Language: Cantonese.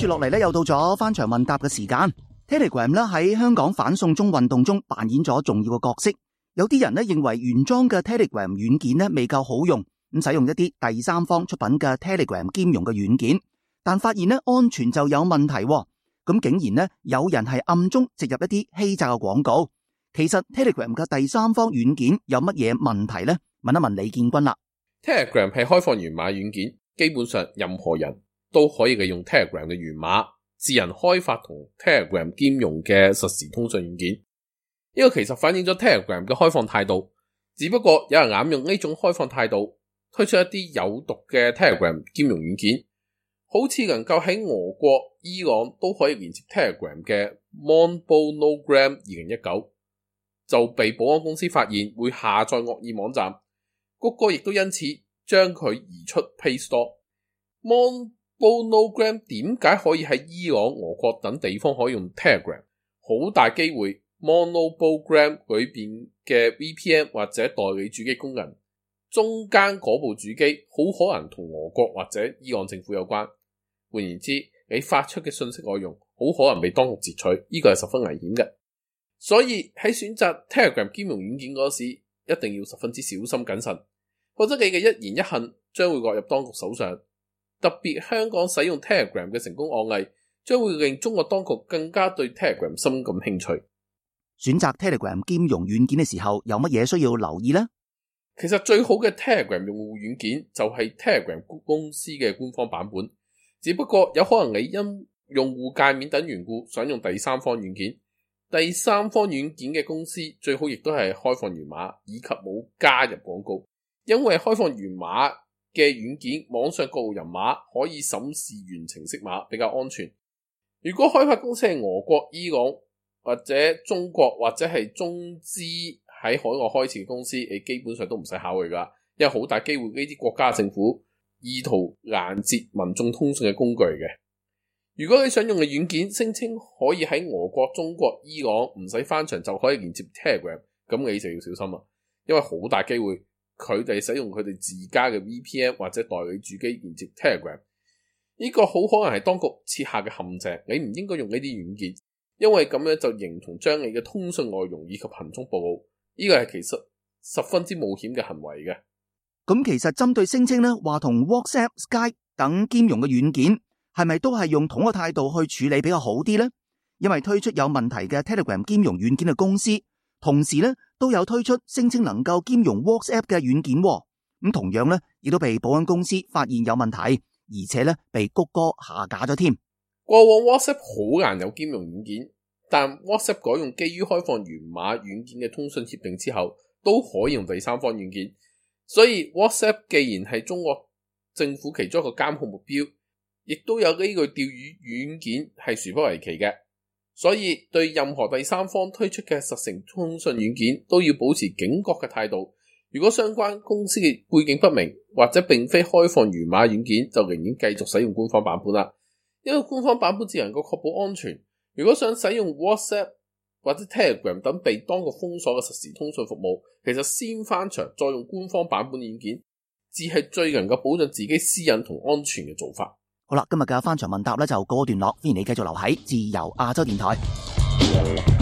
接落嚟咧，又到咗翻牆問答嘅時間。Telegram 咧喺香港反送中運動中扮演咗重要嘅角色。有啲人咧認為原裝嘅 Telegram 軟件咧未夠好用，咁使用一啲第三方出品嘅 Telegram 兼容嘅軟件，但發現咧安全就有問題。咁竟然咧有人係暗中植入一啲欺詐嘅廣告。其實 Telegram 嘅第三方軟件有乜嘢問題咧？問一問李建軍啦。Telegram 係開放源碼軟件，基本上任何人，都可以利用 Telegram 嘅原碼，自人開發同 Telegram 兼容嘅實時通訊軟件。呢個其實反映咗 Telegram 嘅開放態度，只不過有人濫用呢種開放態度推出一啲有毒嘅 Telegram 兼容軟件，好似能夠喺俄國、伊朗都可以連接 Telegram 嘅 MobonoGram 二零一九，就被保安公司發現會下載惡意網站，谷歌亦都因此將佢移出 Play Store。Mon Monogram 點解可以喺伊朗、俄國等地方可以用 Telegram？好大機會，Monogram 裏邊嘅 VPN 或者代理主機功能中間嗰部主機好可能同俄國或者伊朗政府有關。換言之，你發出嘅信息內容好可能被當局截取，呢個係十分危險嘅。所以喺選擇 Telegram 兼容軟件嗰時，一定要十分之小心謹慎，否則你嘅一言一行將會落入當局手上。特別香港使用 Telegram 嘅成功案例，將會令中國當局更加對 Telegram 深感興趣。選擇 Telegram 兼容軟件嘅時候，有乜嘢需要留意呢？其實最好嘅 Telegram 用戶軟件就係 Telegram 公司嘅官方版本，只不過有可能你因用戶界面等緣故想用第三方軟件。第三方軟件嘅公司最好亦都係開放源碼以及冇加入廣告，因為開放源碼。嘅軟件，網上各路人馬可以審視源程式碼，比較安全。如果開發公司係俄國、伊朗或者中國或者係中資喺海外開設嘅公司，你基本上都唔使考慮噶，因為好大機會呢啲國家政府意圖攔截民眾通訊嘅工具嚟嘅。如果你想用嘅軟件聲稱可以喺俄國、中國、伊朗唔使翻牆就可以連接 Telegram，咁你就要小心啦，因為好大機會。佢哋使用佢哋自家嘅 VPN 或者代理主機連接 Telegram，呢個好可能係當局設下嘅陷阱。你唔應該用呢啲軟件，因為咁樣就形同將你嘅通訊內容以及行蹤暴露。呢個係其實十分之冒險嘅行為嘅。咁其實針對聲稱咧話同 WhatsApp、Skype 等兼容嘅軟件，係咪都係用同一個態度去處理比較好啲咧？因為推出有問題嘅 Telegram 兼容軟件嘅公司，同時咧。都有推出聲稱能夠兼容 WhatsApp 嘅軟件。哦，咁同樣呢，亦都被保安公司發現有問題，而且呢，被谷歌下架咗添。過往 WhatsApp 好難有兼容軟件，但 WhatsApp 改用基於開放源碼軟件嘅通訊協定之後，都可以用第三方軟件。所以 WhatsApp 既然係中國政府其中一個監控目標，亦都有呢個釣魚軟件係殊不為奇嘅。所以對任何第三方推出嘅實時通訊軟件都要保持警覺嘅態度。如果相關公司嘅背景不明或者並非開放源碼軟件，就仍然繼續使用官方版本啦。因為官方版本只能夠確保安全。如果想使用 WhatsApp 或者 Telegram 等被當局封鎖嘅實時通訊服務，其實先翻牆再用官方版本軟件，只係最能夠保障自己私隱同安全嘅做法。好啦，今日嘅翻牆問答呢就告段落，歡迎你繼續留喺自由亞洲電台。